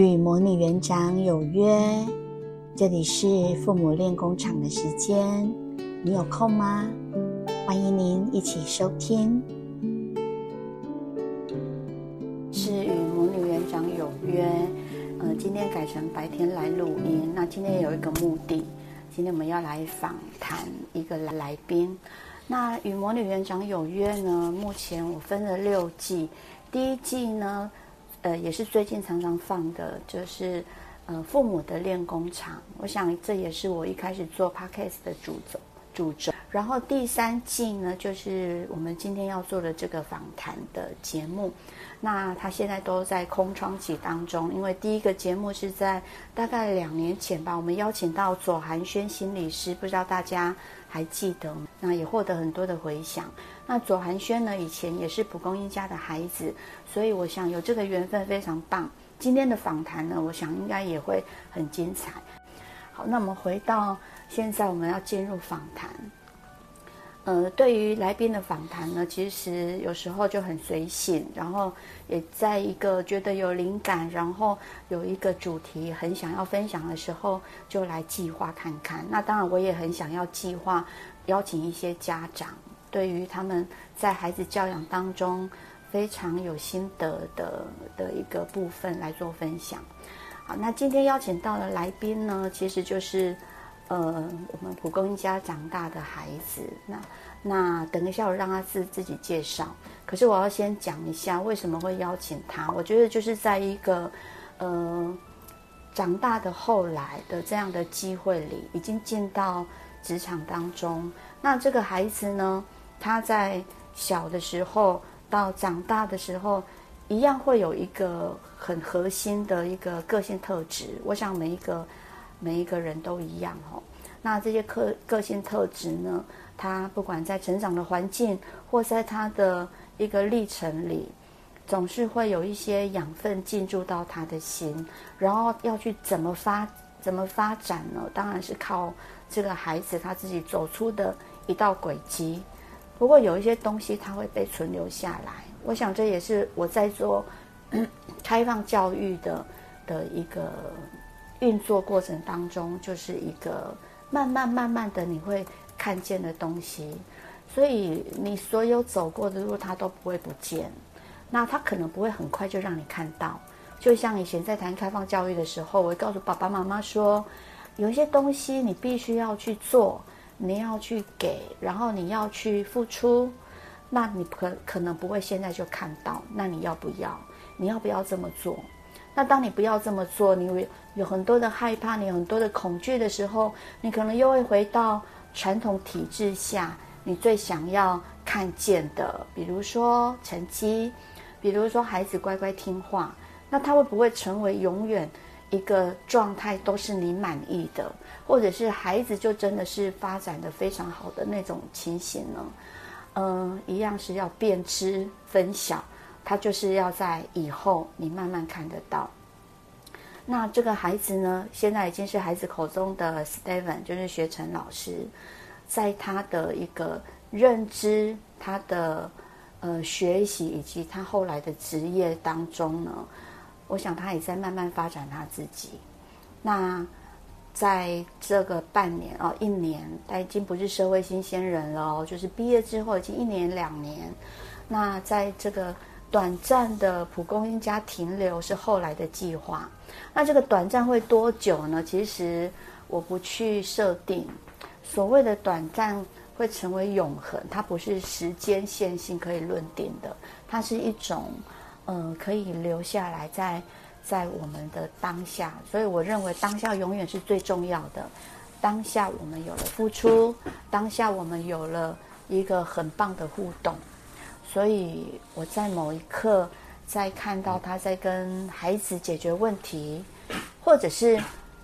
與魔女園長有約，這裡是父母練功場的時間，你有空嗎？歡迎您一起收聽。是與魔女園長有約，呃，今天改成白天來錄音。那今天有一個目的，今天我們要來訪談一個來賓。那與魔女園長有約呢？目前我分了六季，第一季呢。呃，也是最近常常放的，就是，呃，父母的練功場。我想這也是我一開始做 Podcast 的主軸，主軸。然後第三季呢，就是我們今天要做的這個訪談的節目。那他現在都在空窗期當中，因為第一個節目是在大概兩年前吧，我們邀請到左寒軒心理師，不知道大家還記得嗎？那也獲得很多的迴響。那左寒暄呢？以前也是蒲公英家的孩子，所以我想有這個緣分非常棒。今天的訪談呢，我想應該也會很精彩。好，那我們回到現在，我們要進入訪談。呃，對於來賓的訪談呢，其實有時候就很隨性，然後也在一個覺得有靈感，然後有一個主題很想要分享的時候，就來計劃看看。那當然，我也很想要計劃邀請一些家長。對於他們在孩子教養當中非常有心得的的一個部分來做分享。好，那今天邀請到的來賓呢，其實就是呃我們蒲公英家長大的孩子。那那等一下我讓他自自己介紹。可是我要先講一下為什麼會邀請他。我覺得就是在一個呃長大的後來的這樣的機會裡，已經進到職場當中。那這個孩子呢，他在小的時候到長大的時候，一樣會有一個很核心的一個個性特質。我想每一個每一個人都一樣哈、哦。那這些個個性特質呢，他不管在成長的環境或在他的一個歷程裡，總是會有一些養分進駐到他的心，然後要去怎麼發怎麼發展呢？當然是靠這個孩子他自己走出的一道軌跡。不過有一些東西它會被存留下來，我想這也是我在做開放教育的的一個運作過程當中，就是一個慢慢慢慢的你會看見的東西。所以你所有走過的路，它都不會不見。那它可能不會很快就讓你看到。就像以前在談開放教育的時候，我會告訴爸爸媽媽說，有一些東西你必須要去做。你要去給，然後你要去付出，那你可可能不會現在就看到。那你要不要？你要不要這麼做？那當你不要這麼做，你會有很多的害怕，你有很多的恐懼的時候，你可能又會回到傳統體制下，你最想要看見的，比如說成績，比如說孩子乖乖聽話，那他會不會成為永遠？一個狀態都是你滿意的，或者是孩子就真的是發展得非常好的那種情形呢？嗯、呃，一樣是要辨知分曉，他就是要在以後你慢慢看得到。那這個孩子呢，現在已經是孩子口中的 Steven，就是學成老師，在他的一個認知、他的呃學習以及他後來的職業當中呢。我想他也在慢慢發展他自己。那在這個半年哦一年，他已經不是社會新鮮人了哦，就是畢業之後已經一年兩年。那在這個短暫的蒲公英家停留是後來的計劃。那這個短暫會多久呢？其實我不去設定。所謂的短暫會成為永恆，它不是時間線性可以論定的，它是一種。嗯，可以留下來在、在在我們的當下，所以我認為當下永遠是最重要的。當下我們有了付出，當下我們有了一個很棒的互動。所以我在某一刻在看到他在跟孩子解決問題，或者是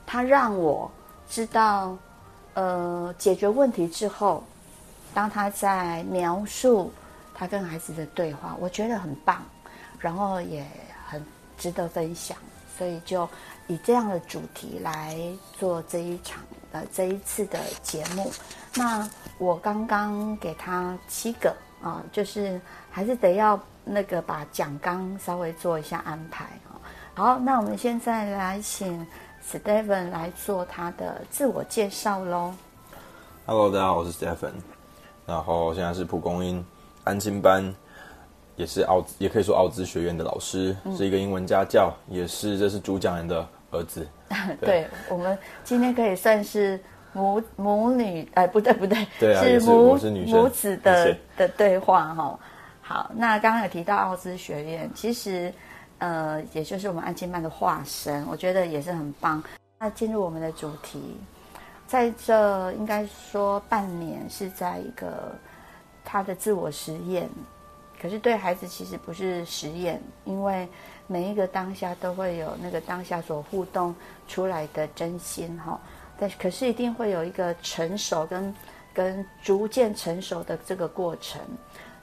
他讓我知道，呃，解決問題之後，當他在描述他跟孩子的對話，我覺得很棒。然後也很值得分享，所以就以這樣的主題來做這一場的、呃，這一次的節目。那我剛剛給他七個啊、呃，就是還是得要那個把講綱稍微做一下安排啊、哦。好，那我們現在來請 s t e h e n 來做他的自我介紹嘍。Hello，大家好，我是 s t e h e n 然後現在是蒲公英安心班。也是奧也可以說奧茲學院的老師、嗯、是一個英文家教，也是這是主講人的兒子。對， 對我們今天可以算是母母女，哎，不對不對，對啊、是母是母子的些的對話哈、哦。好，那剛剛有提到奧茲學院，其實呃，也就是我們安親班的化身，我覺得也是很棒。那進入我們的主題，在這應該說半年是在一個他的自我實驗。可是對孩子其實不是實驗，因為每一個當下都會有那個當下所互動出來的真心哈。但、哦、是可是一定會有一個成熟跟跟逐漸成熟的這個過程。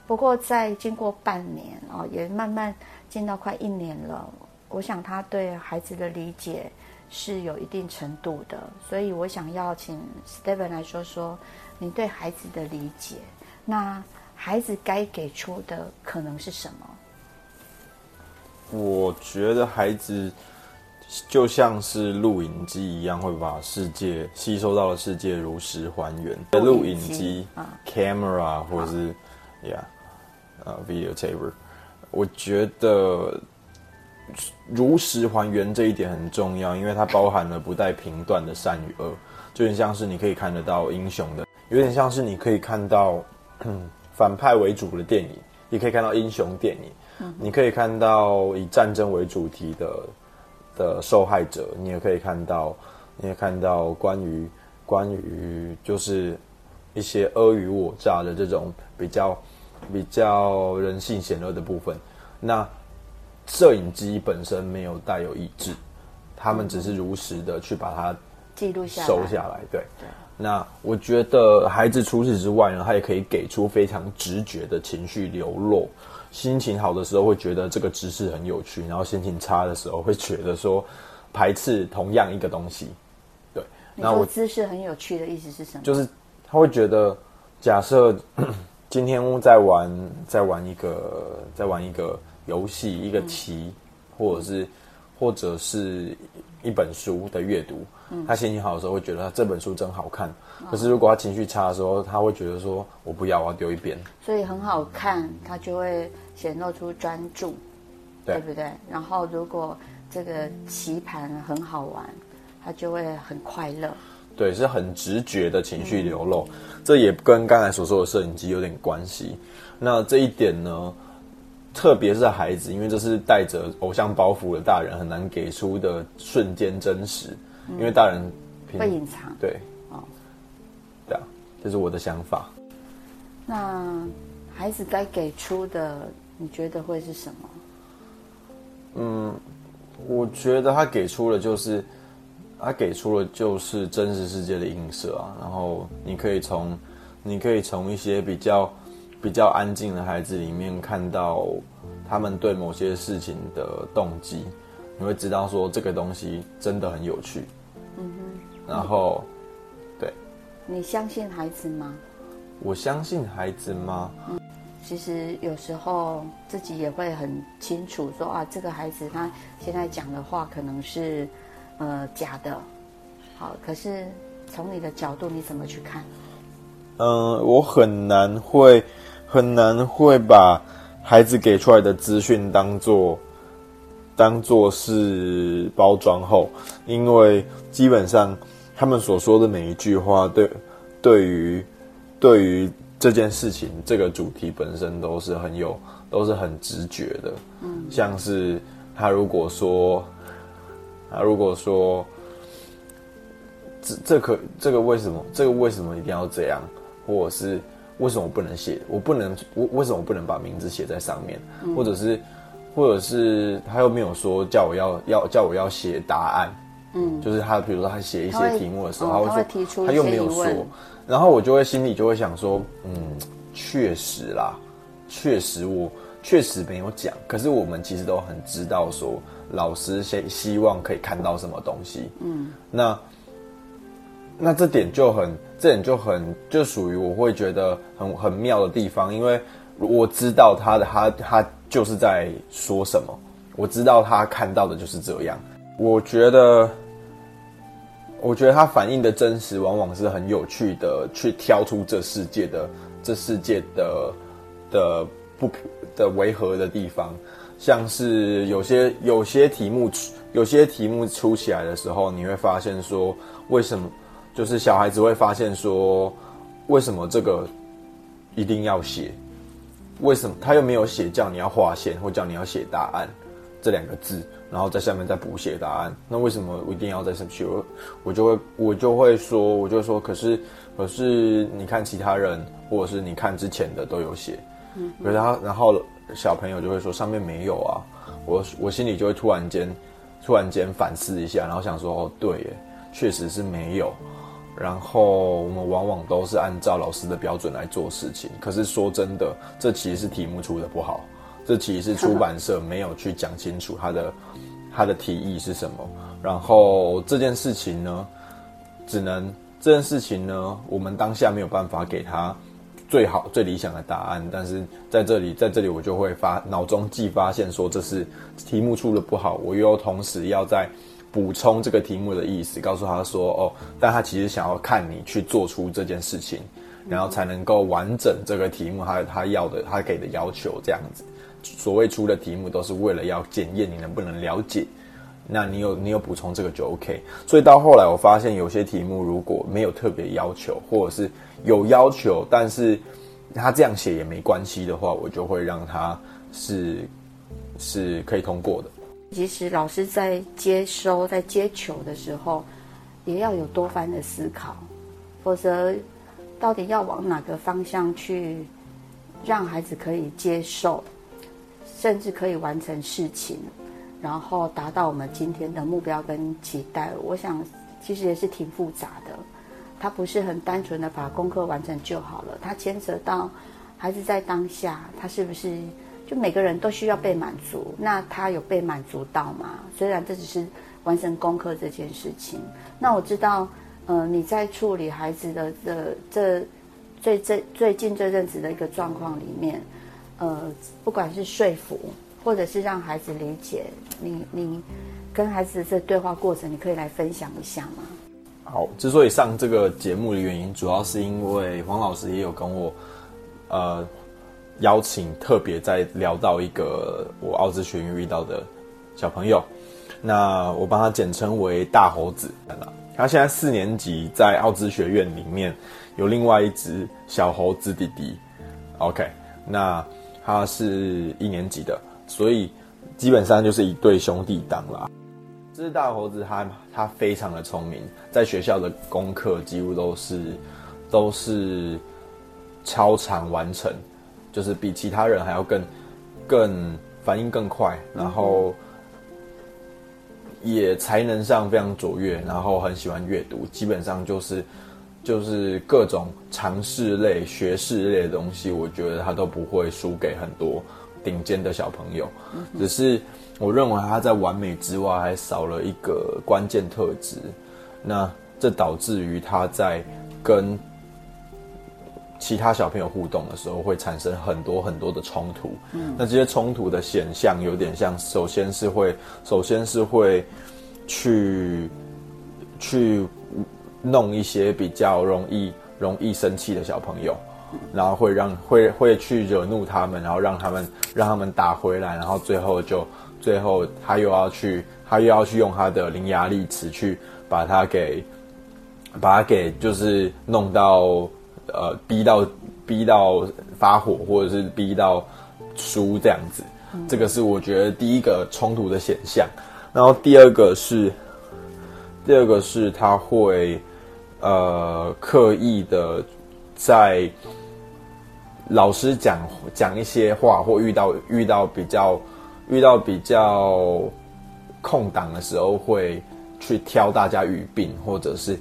不過在經過半年哦，也慢慢進到快一年了。我想他對孩子的理解是有一定程度的，所以我想要請 Stephen 來說說你對孩子的理解那。孩子該給出的可能是什麼？我覺得孩子就像是錄影機一樣，會把世界吸收到了世界，如實還原。錄影機，camera，或者是，video tape。我覺得如實還原這一點很重要，因為它包含了不帶評斷的善與惡，就很像是你可以看得到英雄的，有點像是你可以看到。嗯 反派為主的電影，你可以看到英雄電影，嗯、你可以看到以戰爭為主題的的受害者，你也可以看到，你也看到關於關於就是一些爾虞我詐的這種比較比較人性險惡的部分。那攝影機本身沒有帶有意志，他們只是如實的去把它記錄下來，收下來，對。那我覺得孩子除此之外呢，他也可以給出非常直覺的情緒流露。心情好的時候會覺得這個知識很有趣，然後心情差的時候會覺得說排斥同樣一個東西。對，那我知識很有趣的意思是什麼？就是他會覺得，假設今天在玩，在玩一個，在玩一個遊戲，一個棋，嗯、或者是。或者是一本書的閱讀，他心情好的時候會覺得他這本書真好看，嗯、可是如果他情緒差的時候，他會覺得說，我不要，我要丟一邊。所以很好看，他就會顯露出專注，對對不對？然後如果這個棋盤很好玩，他就會很快樂。對，是很直覺的情緒流露，嗯、這也跟剛才所說的攝影機有點關係。那這一點呢？特別是孩子，因為這是帶着偶像包袱的大人很難給出的瞬間真實，嗯、因為大人會隱藏。對，哦，對啊，這、就是我的想法。那孩子該給出的，你覺得會是什麼？嗯，我覺得他給出的就是，他給出的就是真實世界的映射啊。然後你可以從，你可以從一些比較。比較安靜的孩子裡面，看到他們對某些事情的動機，你會知道說這個東西真的很有趣。嗯哼。然後，對。你相信孩子嗎？我相信孩子嗎？嗯。其實有時候自己也會很清楚說啊，這個孩子他現在講的話可能是呃假的。好，可是從你的角度，你怎麼去看？嗯，我很難會。很難會把孩子給出來的資訊當做，當做是包裝後，因為基本上他們所說的每一句話，對，對於對於這件事情這個主題本身都是很有，都是很直覺的。像是他如果說，他如果說這這可這個為什麼，這個為什麼一定要這樣，或者是。為什麼不能寫？我不能，我為什麼不能把名字寫在上面？嗯，或者是，或者是他又沒有說叫我要要叫我要寫答案。嗯，就是他比如說他寫一些題目的時候，他會，他會說他又沒有說，哦，然後我就會心裡就會想說，嗯，確實啦，確實我確實沒有講。可是我們其實都很知道說老師希希望可以看到什麼東西。嗯，那那這點就很。這點就很就屬於我會覺得很很妙的地方，因為我知道他的他他就是在說什麼，我知道他看到的就是這樣。我覺得，我覺得他反映的真實往往是很有趣的，去挑出這世界的這世界的的不的違和的地方，像是有些有些題目有些題目出起來的時候，你會發現說，為什麼。就是小孩子會發現說，為什麼這個一定要寫？為什麼他又沒有寫叫你要畫線，或叫你要寫答案這兩個字，然後在下面再補寫答案？那為什麼一定要在上面？我我就會我就會說，我就會說，可是可是你看其他人，或者是你看之前的都有寫，可是他然後小朋友就會說上面沒有啊，我我心裡就會突然間突然間反思一下，然後想說哦對耶。確實是沒有，然後我們往往都是按照老師的標準來做事情。可是說真的，這其實是題目出的不好，這其實是出版社沒有去講清楚他的他的題意是什麼。然後這件事情呢，只能這件事情呢，我們當下沒有辦法給他最好最理想的答案。但是在這裡，在這裡我就會發腦中既發現說，這是題目出的不好。我又同時要在補充這個題目的意思，告訴他說：“哦，但他其實想要看你去做出這件事情，然後才能夠完整這個題目還有他，他要的他給的要求這樣子。所謂出的題目都是為了要檢驗你能不能了解。那你有你有補充這個就 OK。所以到後來我發現有些題目如果沒有特別要求，或者是有要求但是他這樣寫也沒關係的話，我就會讓他是是可以通過的。”其實老師在接收、在接球的時候，也要有多番的思考，否則到底要往哪個方向去，讓孩子可以接受，甚至可以完成事情，然後達到我們今天的目標跟期待。我想，其實也是挺複雜的，他不是很單純的把功課完成就好了，他牽扯到孩子在當下，他是不是？每個人都需要被滿足，那他有被滿足到嗎？雖然這只是完成功課這件事情，那我知道，嗯、呃，你在處理孩子的的這最這最近這陣子的一個狀況裡面，呃，不管是說服或者是讓孩子理解，你你跟孩子的這對話過程，你可以來分享一下嗎？好，之所以上這個節目的原因，主要是因為黃老師也有跟我，呃。邀請特別在聊到一個我奧茲學院遇到的小朋友，那我幫他簡稱為大猴子，他現在四年級在奧茲學院裡面，有另外一隻小猴子弟弟，OK，那他是一年級的，所以基本上就是一對兄弟檔啦。這隻大猴子他他非常的聰明，在學校的功課幾乎都是都是超常完成。就是比其他人還要更，更反應更快，然後也才能上非常卓越，然後很喜歡閱讀，基本上就是就是各種常識類、學識類的東西，我覺得他都不會輸給很多頂尖的小朋友。只是我認為他在完美之外還少了一個關鍵特質，那這導致於他在跟。其他小朋友互動的時候會產生很多很多的衝突，嗯、那這些衝突的現象有點像，首先是會，首先是會，去，去弄一些比較容易容易生氣的小朋友，然後會讓會會去惹怒他們，然後讓他們讓他們打回來，然後最後就最後他又要去他又要去用他的伶牙俐齒去把他給把他給就是弄到。呃，逼到逼到發火，或者是逼到輸這樣子，嗯、這個是我覺得第一個衝突的現象。然後第二個是，第二個是他會呃刻意的在老師講講一些話，或遇到遇到比較遇到比較空檔的時候，會去挑大家語病，或者是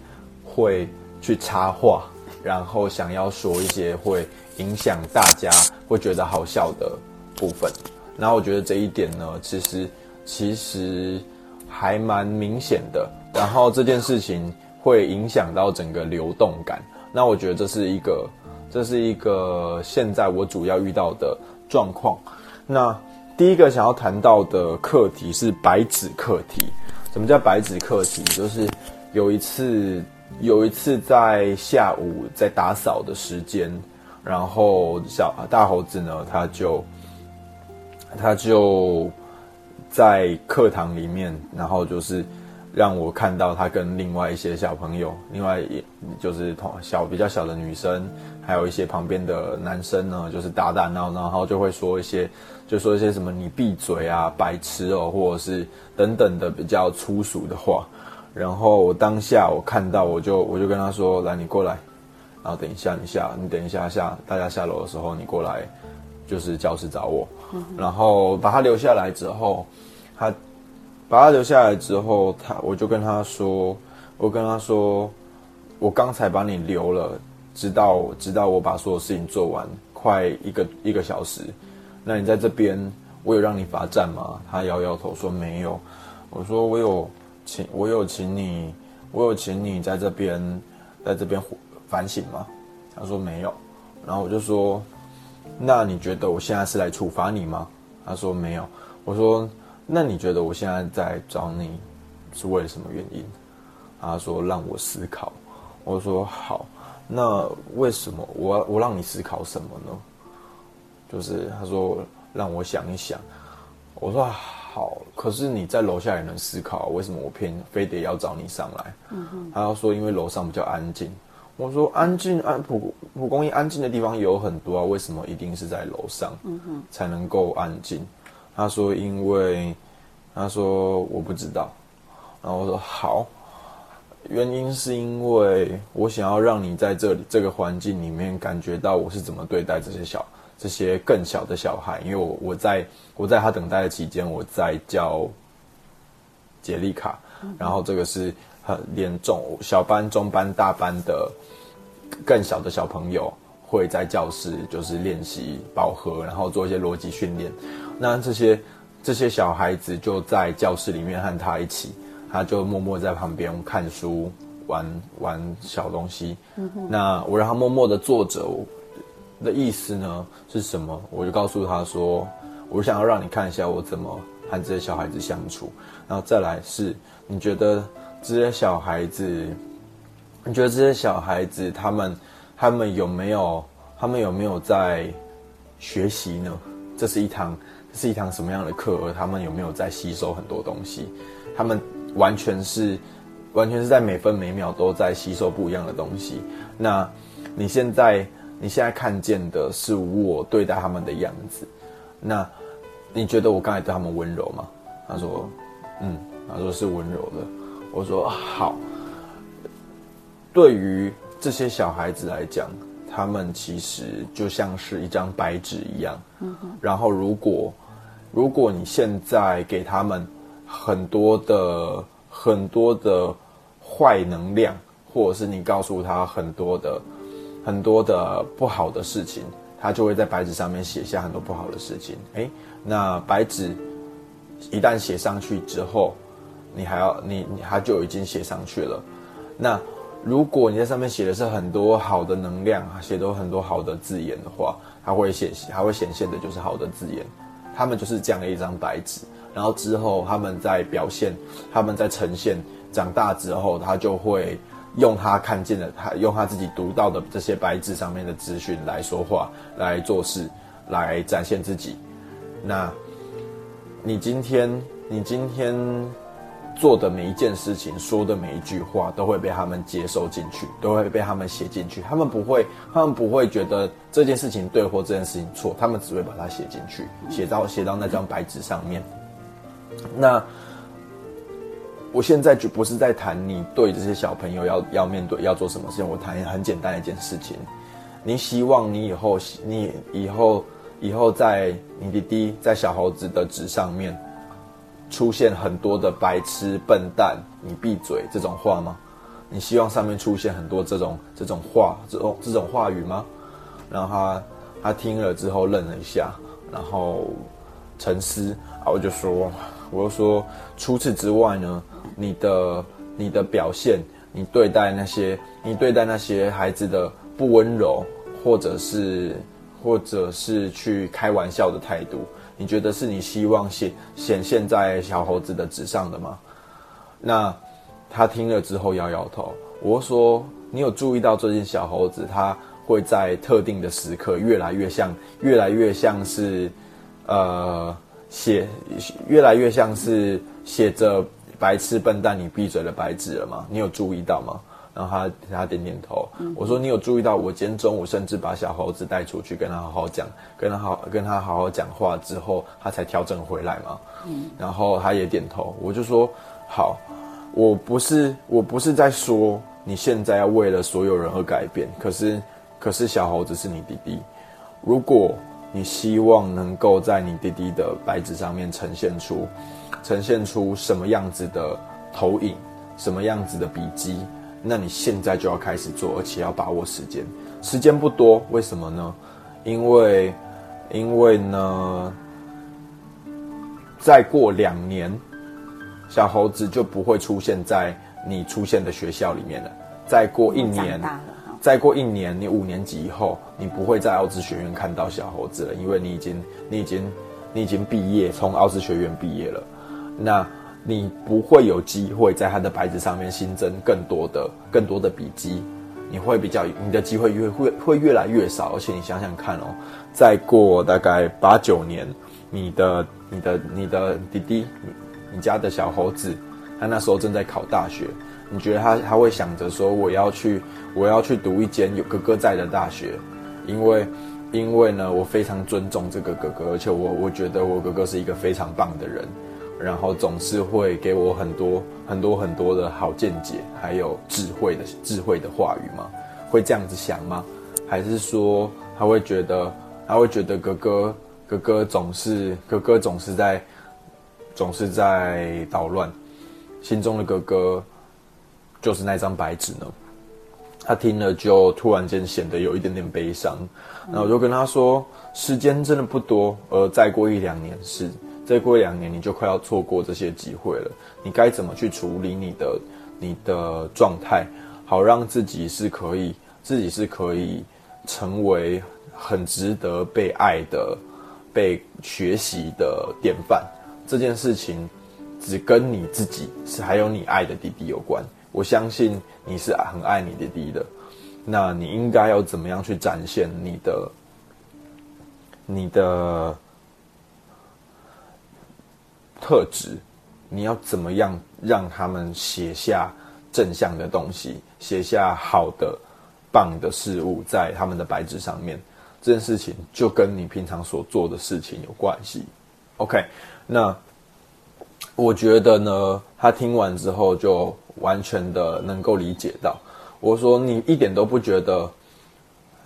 會去插話。然後想要說一些會影響大家會覺得好笑的部分，那我覺得這一點呢，其實其實還蠻明顯的。然後這件事情會影響到整個流動感，那我覺得這是一個這是一個現在我主要遇到的狀況。那第一個想要談到的課題是白紙課題，什麼叫白紙課題？就是有一次。有一次在下午在打掃的時間，然後小，大猴子呢，他就他就在課堂裡面，然後就是讓我看到他跟另外一些小朋友，另外一就是同小比較小的女生，還有一些旁邊的男生呢，就是打打鬧鬧，然後就會說一些就說一些什麼你閉嘴啊，白痴哦、喔，或者是等等的比較粗俗的話。然後我當下我看到，我就我就跟他說：“來，你過來。”然後等一下你下，你等一下下，大家下樓的時候你過來，就是教室找我。嗯、哼然後把他留下來之後，他把他留下來之後，他我就跟他說：“我跟他說，我剛才把你留了，直到直到我把所有事情做完，快一個一個小時。那你在這邊，我有讓你罰站嗎？”他搖搖頭說：“沒有。”我說：“我有。”請，我有請你，我有請你在這邊，在這邊反省嗎？他說沒有，然後我就說，那你覺得我現在是來處罰你嗎？他說沒有，我說那你覺得我現在在找你，是為了什麼原因？他說讓我思考，我說好，那為什麼我我讓你思考什麼呢？就是他說讓我想一想，我說啊。好，可是你在樓下也能思考，為什麼我偏非得要找你上來？嗯哼，他要說因為樓上比較安靜。我說安靜，安、啊、蒲蒲公英安靜的地方有很多啊，為什麼一定是在樓上才能夠安靜？嗯哼。他說因為他說我不知道，然後我說好，原因是因為我想要讓你在這裡這個環境裡面感覺到我是怎麼對待這些小。這些更小的小孩，因為我我在我在他等待的期間，我在教傑麗卡。然後這個是很連中小班、中班、大班的更小的小朋友會在教室就是練習飽和，然後做一些邏輯訓練。那這些這些小孩子就在教室裡面和他一起，他就默默在旁邊看書、玩玩小東西。嗯、哼那我讓他默默的坐着，的意思呢是什麼？我就告訴他說，我想要讓你看一下我怎麼和這些小孩子相處。然後再來是，你覺得這些小孩子，你覺得這些小孩子他們他們有沒有他們有沒有在學習呢？這是一堂這是一堂什麼樣的課？而他們有沒有在吸收很多東西？他們完全是完全是在每分每秒都在吸收不一樣的東西。那你現在？你現在看見的是我對待他們的樣子，那你覺得我剛才對他們溫柔嗎？他說，嗯，他說是溫柔的。我說好。對於這些小孩子來講，他們其實就像是一張白紙一樣。然後，如果如果你現在給他們很多的很多的壞能量，或者是你告訴他很多的，很多的不好的事情，他就會在白紙上面寫下很多不好的事情。誒，那白紙一旦寫上去之後，你還要你，你，他就已經寫上去了。那如果你在上面寫的是很多好的能量，寫的很多好的字眼的話，他會顯，他會顯現的就是好的字眼。他們就是這樣一張白紙，然後之後他們在表現，他們在呈現，長大之後他就會。用他看見的，他用他自己讀到的這些白紙上面的資訊來說話，來做事，來展現自己。那，你今天，你今天做的每一件事情，說的每一句話，都會被他們接收進去，都會被他們寫進去。他們不會，他們不會覺得這件事情對或這件事情錯，他們只會把它寫進去，寫到寫到那張白紙上面。那。我現在就不是在談你對這些小朋友要要面對要做什麼事情，我談很簡單一件事情，你希望你以後你以後以後在你弟弟在小猴子的紙上面出現很多的白痴笨蛋、你閉嘴這種話嗎？你希望上面出現很多這種這種話這種這種話語嗎？然後他他聽了之後愣了一下，然後沉思啊，我就說我就說除此之外呢？你的你的表現，你對待那些你對待那些孩子的不溫柔，或者是或者是去開玩笑的態度，你覺得是你希望寫顯現在小猴子的紙上的嗎？那他聽了之後搖搖頭。我說，你有注意到最近小猴子他會在特定的時刻越來越像越來越像是呃寫越來越像是寫着。白痴笨蛋，你閉嘴了，白紙了嗎？你有注意到嗎？然後他他點點頭。嗯、我說你有注意到我今天中午甚至把小猴子帶出去，跟他好好講，跟他好跟他好好講話之後，他才調整回來嗎？嗯，然後他也點頭。我就說好，我不是我不是在說你現在要為了所有人而改變，可是可是小猴子是你弟弟，如果你希望能夠在你弟弟的白紙上面呈現出，呈現出什麼樣子的投影，什麼樣子的筆記？那你現在就要開始做，而且要把握時間。時間不多，為什麼呢？因為，因為呢，再過兩年，小猴子就不會出現在你出現的學校裡面了。再過一年，再過一年，你五年級以後，你不會在奧茲學院看到小猴子了，因為你已經，你已經，你已經畢業，從奧茲學院畢業了。那你不會有機會在他的白紙上面，新增更多的、更多的筆記，你會比較你的機會越會、會越來越少。而且你想想看哦，再過大概八九年，你的、你的、你的弟弟，你家的小猴子，他那時候正在考大學，你覺得他他會想着說，我要去，我要去讀一間有哥哥在的大學，因為，因為呢，我非常尊重這個哥哥，而且我我覺得我哥哥是一個非常棒的人。然後總是會給我很多很多很多的好見解，還有智慧的智慧的話語嗎？會這樣子想嗎？還是說他會覺得他會覺得哥哥哥哥總是哥哥總是在總是在搗亂，心中的哥哥就是那張白紙呢？他聽了就突然間顯得有一點點悲傷。嗯。那我就跟他說，時間真的不多，而再過一兩年是。再過兩年，你就快要錯過這些機會了。你該怎麼去處理你的、你的狀態，好讓自己是可以、自己是可以成為很值得被愛的、被學習的典範？這件事情只跟你自己是，還有你愛的弟弟有關。我相信你是很愛你弟弟的，那你應該要怎麼樣去展現你的、你的？特質，你要怎麼樣讓他們寫下正向的東西，寫下好的、棒的事物在他們的白紙上面，這件事情就跟你平常所做的事情有關係。OK，那我覺得呢，他聽完之後就完全的能夠理解到。我說你一點都不覺得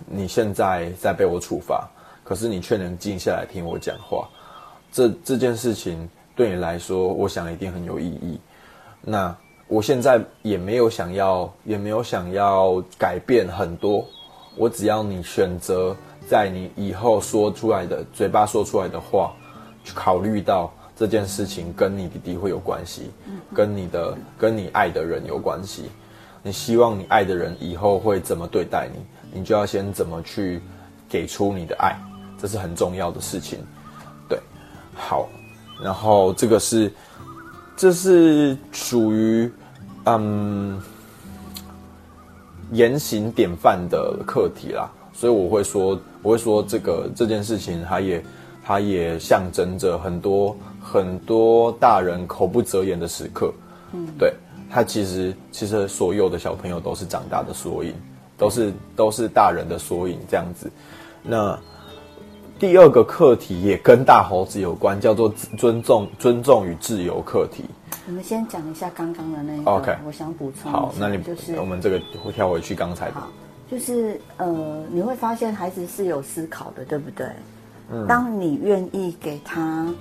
你現在在被我處罰，可是你卻能靜下來聽我講話，這這件事情。對你來說，我想一定很有意義。那我現在也沒有想要，也沒有想要改變很多。我只要你選擇，在你以後說出來的嘴巴說出來的話，去考慮到這件事情跟你弟弟會有關係，跟你的跟你愛的人有關係。你希望你愛的人以後會怎麼對待你，你就要先怎麼去給出你的愛，這是很重要的事情。對，好。然後這個是，這是屬於嗯言行典範的課題啦，所以我會說，我會說，這個這件事情，它也它也象徵着很多很多大人口不擇言的時刻，嗯、對，它其實其實所有的小朋友都是長大的縮影，都是、嗯、都是大人的縮影這樣子，那。第二個課題也跟大猴子有關，叫做尊重、尊重與自由課題。我們先講一下剛剛的那一個，OK，我想補充一下。好，那你就是我們這個會跳回去剛才的，就是呃，你會發現孩子是有思考的，對不對？嗯，當你願意給他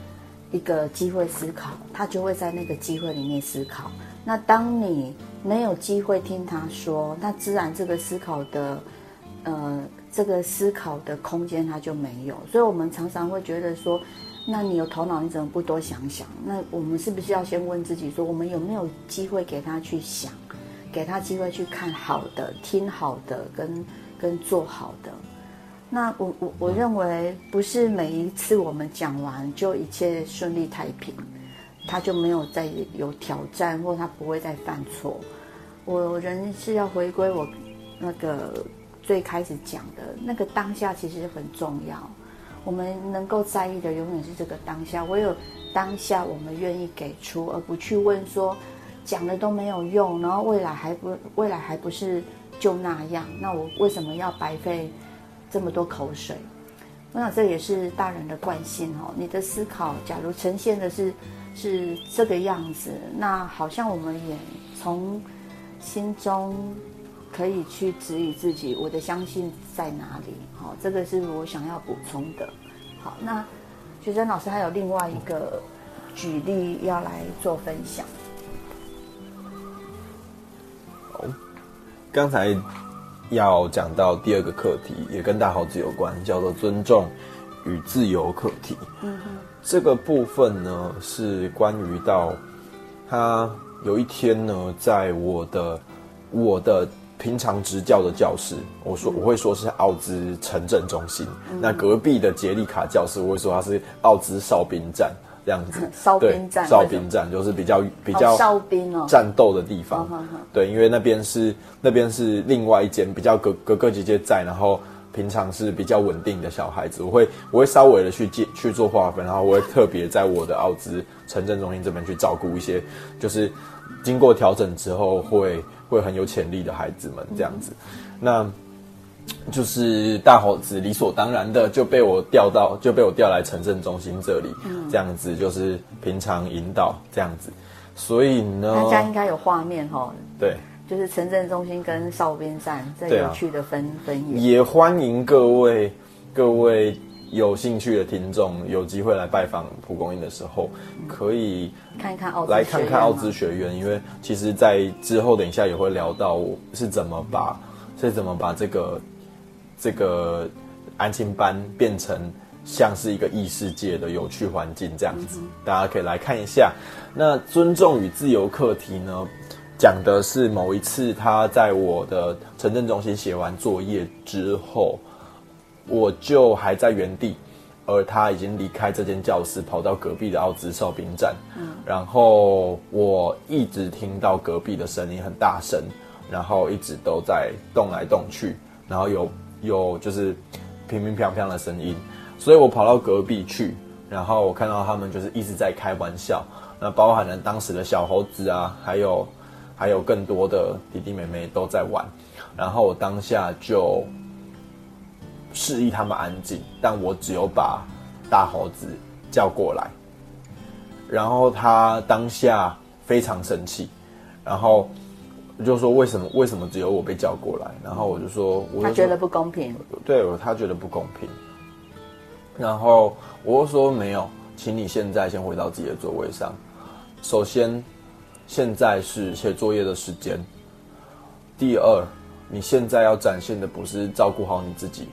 一個機會思考，他就會在那個機會裡面思考。那當你沒有機會聽他說，那自然這個思考的，呃。這個思考的空間他就沒有，所以我們常常會覺得說，那你有頭腦，你怎麼不多想想？那我們是不是要先問自己，說我們有沒有機會給他去想，給他機會去看好的、聽好的、跟跟做好的？那我我我認為不是每一次我們講完就一切順利太平，他就沒有再有挑戰，或他不會再犯錯。我人是要回歸我那個。最開始講的那個當下其實很重要，我們能夠在意的永遠是這個當下。唯有當下，我們願意給出，而不去問說講的都沒有用，然後未來還不未來還不是就那樣，那我為什麼要白費這麼多口水？我想這也是大人的慣性哦。你的思考假如呈現的是是這個樣子，那好像我們也從心中。可以去質疑自己，我的相信在哪裡？好，這個是我想要補充的。好，那史蒂芬老師還有另外一個舉例要來做分享。剛才要講到第二個課題，也跟大猴子有關，叫做尊重與自由課題。嗯哼，這個部分呢是關於到他有一天呢，在我的我的。平常執教的教室，我說我會說是奧茲城鎮中心。嗯、那隔壁的捷利卡教室，我會說它是奧茲哨兵站這樣子。哨兵站、嗯嗯、對，哨兵站就是比較比較哨兵哦，戰鬥的地方。對，因為那邊是那邊是另外一間比較哥哥哥姐姐在，然後平常是比較穩定的小孩子，我會我會稍微的去接去做劃分，然後我會特別在我的奧茲城鎮中心這邊去照顧一些，就是經過調整之後會。嗯會很有潛力的孩子們這樣子，嗯、那，就是大猴子理所當然的就被我調到就被我調來城鎮中心這裡，嗯、這樣子就是平常引導這樣子，所以呢，大家應該有畫面哈、哦，對，就是城鎮中心跟哨兵站，這有趣的分、啊、分野，也歡迎各位各位。嗯有興趣的聽眾有機會來拜訪蒲公英的時候，嗯、可以看看來看看奧茲學院，看看學院。因為其實，在之後等一下也會聊到我是怎麼把、嗯、是怎麼把這個這個安親班變成像是一個異世界的有趣環境這樣子，嗯、大家可以來看一下。那尊重與自由課題呢，講的是某一次他在我的城鎮中心寫完作業之後。我就還在原地，而他已經離開這間教室，跑到隔壁的奧茲哨兵站。嗯，然後我一直聽到隔壁的聲音很大聲，然後一直都在動來動去，然後有有就是乒乒乓乓的聲音，所以我跑到隔壁去，然後我看到他們就是一直在開玩笑，那包含了當時的小猴子啊，還有還有更多的弟弟妹妹都在玩，然後我當下就。示意他們安靜，但我只有把大猴子叫過來，然後他當下非常生氣，然後就說：“為什麼？為什麼只有我被叫過來？”然後我就說：“我就說他覺得不公平。”對，他覺得不公平。然後我說：“沒有，請你現在先回到自己的座位上。首先，現在是寫作業的時間；第二，你現在要展現的不是照顧好你自己。”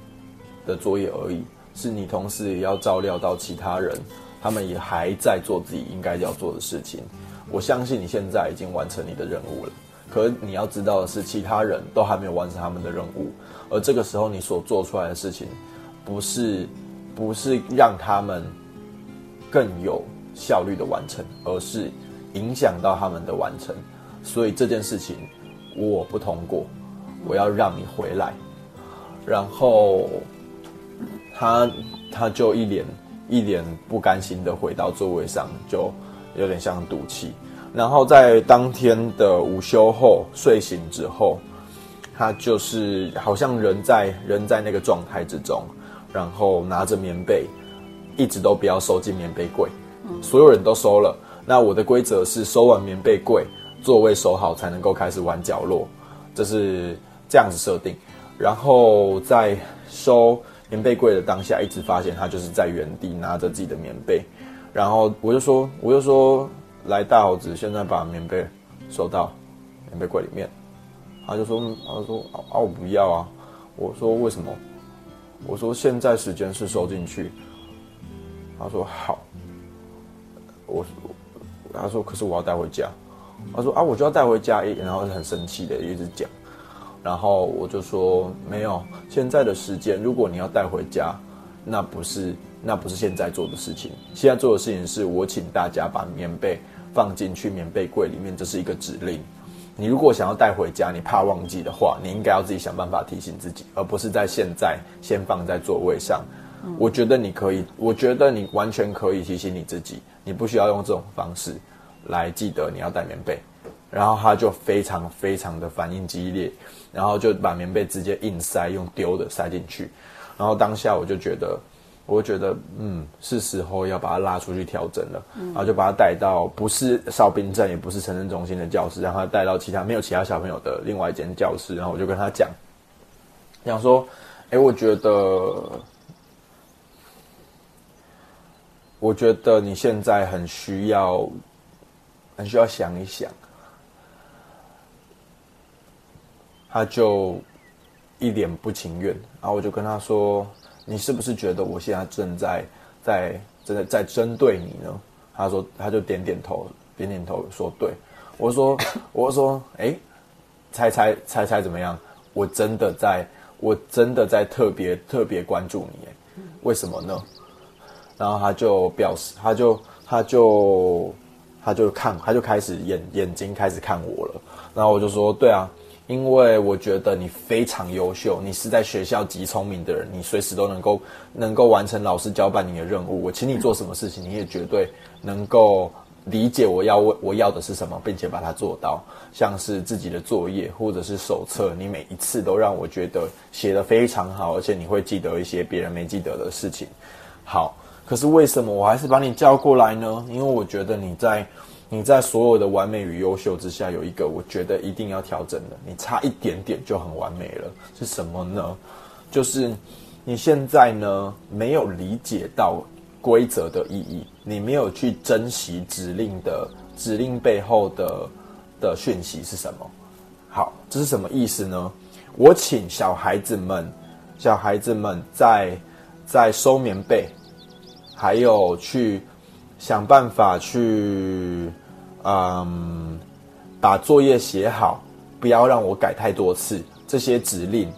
的作業而已，是你同時也要照料到其他人，他們也還在做自己應該要做的事情。我相信你現在已經完成你的任務了，可你要知道的是，其他人都還沒有完成他們的任務。而這個時候你所做出來的事情，不是不是讓他們更有效率的完成，而是影響到他們的完成。所以這件事情我不通過，我要讓你回來，然後。他他就一臉一臉不甘心的回到座位上，就有點像賭氣。然後在當天的午休後睡醒之後，他就是好像人在人在那個狀態之中，然後拿着棉被，一直都不要收進棉被櫃。所有人都收了。那我的規則是收完棉被櫃，座位收好才能夠開始玩角落，這、就是這樣子設定。然後再收。棉被櫃的當下一直發現他就是在原地拿着自己的棉被，然後我就說我就說，來大猴子現在把棉被收到棉被櫃裡面，他就說他說啊我不要啊，我說為什麼？我說現在時間是收進去，他說好，我他說可是我要帶回家，他說啊我就要帶回家，然後就很生氣的一直講。然後我就說沒有，現在的時間，如果你要帶回家，那不是那不是現在做的事情。現在做的事情是我請大家把棉被放進去棉被櫃裡面，這是一個指令。你如果想要帶回家，你怕忘記的話，你應該要自己想辦法提醒自己，而不是在現在先放在座位上。嗯、我覺得你可以，我覺得你完全可以提醒你自己，你不需要用這種方式來記得你要帶棉被。然後他就非常非常的反應激烈。然後就把棉被直接硬塞，用丟的塞進去。然後當下我就覺得，我就覺得嗯，是時候要把它拉出去調整了。嗯、然後就把它帶到不是哨兵站，也不是城鎮中心的教室，然後帶到其他沒有其他小朋友的另外一間教室。然後我就跟他講，講說，哎，我覺得，我覺得你現在很需要，很需要想一想。他就一臉不情願，然後我就跟他說：“你是不是覺得我現在正在在正在在針對你呢？”他說：“他就點點頭，點點頭，說對。”我說：“我說，哎，猜猜，猜猜猜怎麼樣？我真的在，我真的在特別特別關注你欸，為什麼呢？”然後他就表示，他就他就他就看，他就開始眼眼睛開始看我了。然後我就說：“對啊。”因為我覺得你非常優秀，你是在學校極聰明的人，你隨時都能夠能夠完成老師交辦你的任務。我請你做什麼事情，你也絕對能夠理解我要我我要的是什麼，並且把它做到。像是自己的作業或者是手冊，你每一次都讓我覺得寫得非常好，而且你會記得一些別人沒記得的事情。好，可是為什麼我還是把你叫過來呢？因為我覺得你在。你在所有的完美與優秀之下，有一個我覺得一定要調整的，你差一點點就很完美了，是什麼呢？就是你現在呢沒有理解到規則的意義，你沒有去珍惜指令的指令背後的的訊息是什麼？好，這是什麼意思呢？我請小孩子們，小孩子們在在收棉被，還有去想辦法去，嗯，把作業寫好，不要讓我改太多次。這些指令，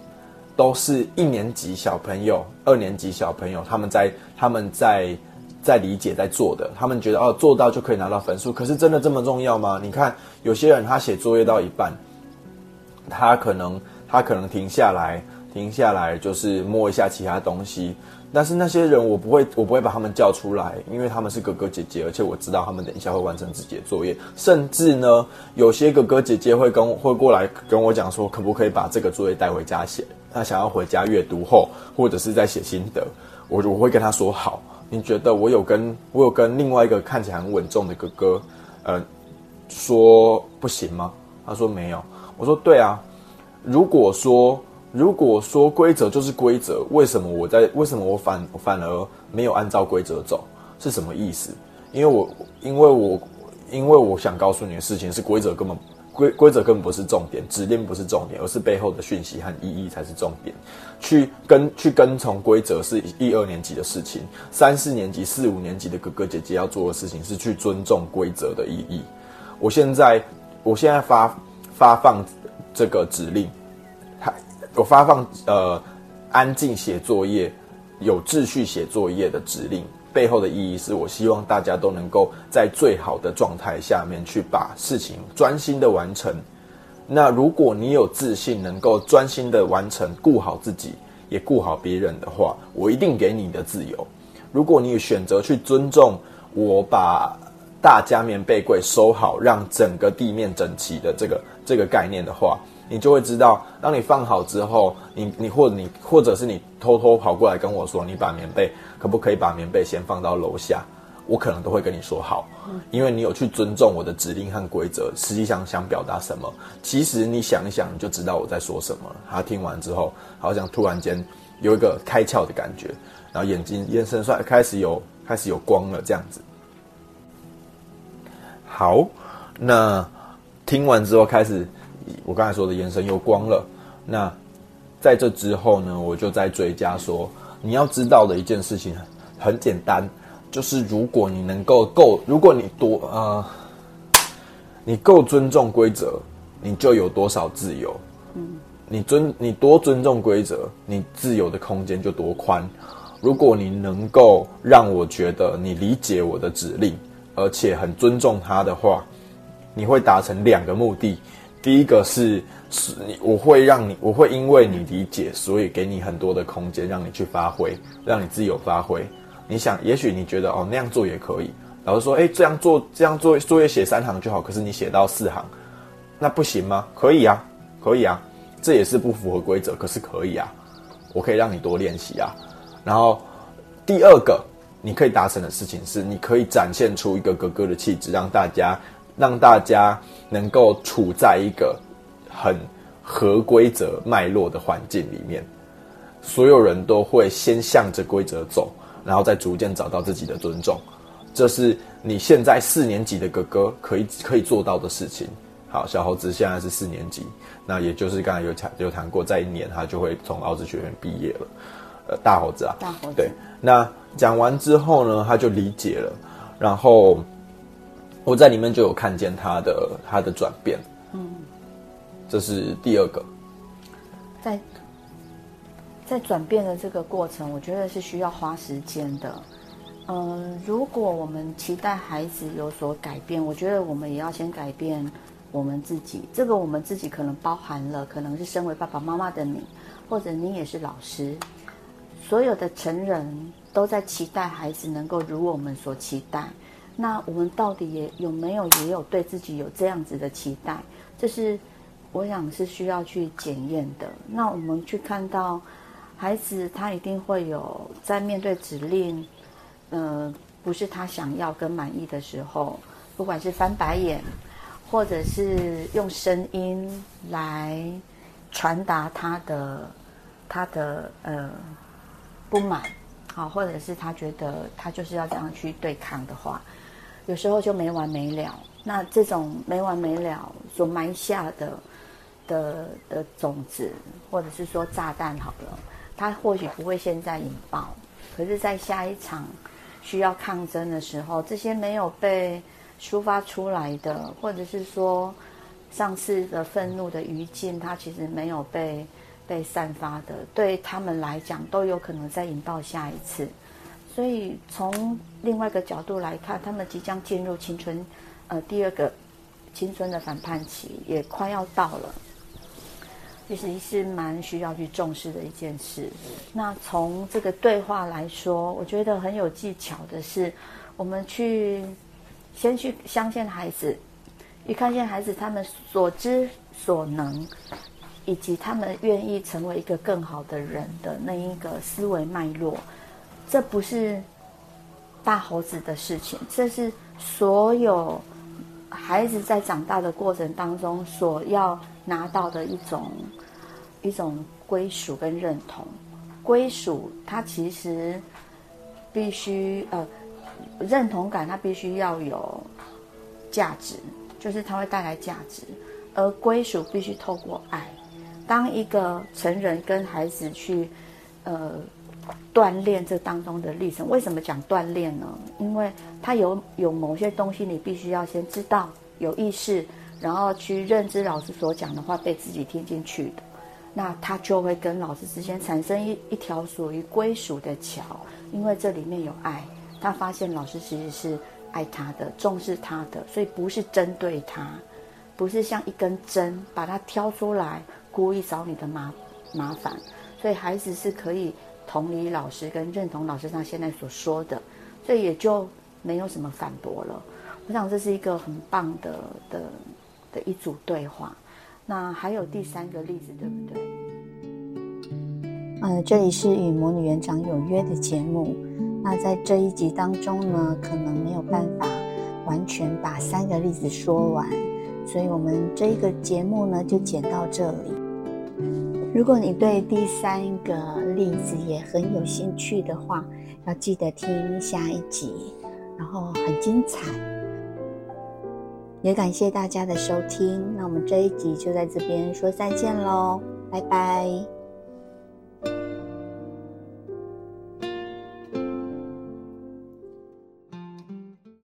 都是一年級小朋友、二年級小朋友他們在他們在在理解、在做的。他們覺得哦，做到就可以拿到分數，可是真的這麼重要嗎？你看，有些人他寫作業到一半，他可能他可能停下來，停下來就是摸一下其他東西。但是那些人我不會，我不會把他們叫出來，因為他們是哥哥姐姐，而且我知道他們等一下會完成自己的作業。甚至呢，有些哥哥姐姐會跟我會過來跟我講說，可不可以把這個作業帶回家寫？他想要回家閱讀後，或者是在寫心得，我我會跟他說好。你覺得我有跟我有跟另外一個看起來很穩重的哥哥，嗯、呃，說不行嗎？他說沒有，我說對啊，如果說。如果說，規則就是規則，為什麼我在為什麼我反我反而沒有按照規則走是什麼意思？因為我因為我因為我想告訴你的事情是規則根本規規則根本不是重點，指令不是重點，而是背後的訊息和意義才是重點。去跟去跟從規則是一二年級的事情，三四年級四五年級的哥哥姐姐要做的事情是去尊重規則的意義。我現在我現在發發放這個指令。我發放呃安靜寫作業、有秩序寫作業的指令，背後的意義是我希望大家都能夠在最好的狀態下面去把事情專心的完成。那如果你有自信能夠專心的完成，顧好自己也顧好別人的話，我一定給你的自由。如果你選擇去尊重我把大家棉被櫃收好，讓整個地面整齊的這個這個概念的話。你就會知道，當你放好之後，你你或者你或者是你偷偷跑過來跟我說，你把棉被可不可以把棉被先放到樓下？我可能都會跟你說好，因為你有去尊重我的指令和規則。實際上想表達什麼，其實你想一想你就知道我在說什麼了。他聽完之後，好像突然間有一個開竅的感覺，然後眼睛眼神算開始有開始有光了這樣子。好，那聽完之後開始。我剛才說的延伸又光了。那在這之後呢？我就再追加說，你要知道的一件事情很，很簡單，就是如果你能夠夠，如果你多呃，你夠尊重規則，你就有多少自由。嗯，你尊你多尊重規則，你自由的空間就多寬。如果你能夠讓我覺得你理解我的指令，而且很尊重他的話，你會達成兩個目的。第一個是，是，我會讓你，我會因為你理解，所以給你很多的空間，讓你去發揮，讓你自由發揮。你想，也許你覺得哦那樣做也可以。老師說，誒、欸，這樣做這樣做作業寫三行就好，可是你寫到四行，那不行嗎？可以啊，可以啊，這也是不符合規則，可是可以啊，我可以讓你多練習啊。然後第二個，你可以達成的事情是，你可以展現出一個哥哥的氣質，讓大家，讓大家能夠處在一個很合規則脈絡的環境裡面，所有人都會先向着規則走，然後再逐漸找到自己的尊重。這是你現在四年級的哥哥可以可以做到的事情。好，小猴子現在是四年級，那也就是剛才有談有談過，再一年他就會從奧茲學院畢業了。呃，大猴子啊，大猴子，對，那講完之後呢，他就理解了，然後。我在裡面就有看見他的他的轉變，嗯，這是第二個，在在轉變的這個過程，我覺得是需要花時間的。嗯，如果我們期待孩子有所改變，我覺得我們也要先改變我們自己。這個我們自己可能包含了，可能是身為爸爸媽媽的你，或者你也是老師，所有的成人都在期待孩子能夠如我們所期待。那我們到底也有沒有也有對自己有這樣子的期待？這是我想是需要去檢驗的。那我們去看到孩子，他一定會有在面對指令，呃，不是他想要跟滿意的時候，不管是翻白眼，或者是用聲音來傳達他的他的呃不滿，好，或者是他覺得他就是要這樣去對抗的話。有時候就沒完沒了，那這種沒完沒了所埋下的的的種子，或者是說炸彈好了，它或許不會現在引爆，可是，在下一場需要抗爭的時候，這些沒有被抒發出來的，或者是說上次的憤怒的餘燼，它其實沒有被被散發的，對他們來講，都有可能再引爆下一次。所以，從另外一個角度來看，他們即將進入青春，呃，第二個青春的反叛期也快要到了，其實是蠻需要去重視的一件事。那從這個對話來說，我覺得很有技巧的是，我們去先去相信孩子，一看見孩子他們所知所能，以及他們願意成為一個更好的人的那一個思維脈絡。這不是大猴子的事情，這是所有孩子在長大的過程當中，所要拿到的一種一種歸屬跟認同。歸屬它，其實必須呃，認同感它必須要有價值，就是它會帶來價值。而歸屬必須透過愛，當一個成人跟孩子去呃。鍛鍊這當中的歷程，為什麼講鍛鍊呢？因為他有有某些東西，你必須要先知道有意識，然後去認知老師所講的話被自己聽進去的，那他就會跟老師之間產生一一條屬於歸屬的橋，因為這裡面有愛，他發現老師其實是愛他的，重視他的，所以不是針對他，不是像一根針把他挑出來，故意找你的麻麻煩，所以孩子是可以。同理老師跟認同老師他現在所說的，所以也就沒有什麼反駁了。我想這是一個很棒的的的一組對話。那還有第三個例子，對不對？嗯、呃，這裡是與魔女園長有約的節目。那在這一集當中呢，可能沒有辦法完全把三個例子說完，所以我們這一個節目呢，就剪到這裡。如果你對第三個例子也很有興趣的話，要記得聽下一集，然後很精彩。也感謝大家的收聽，那我們這一集就在這邊說再見嘍，拜拜。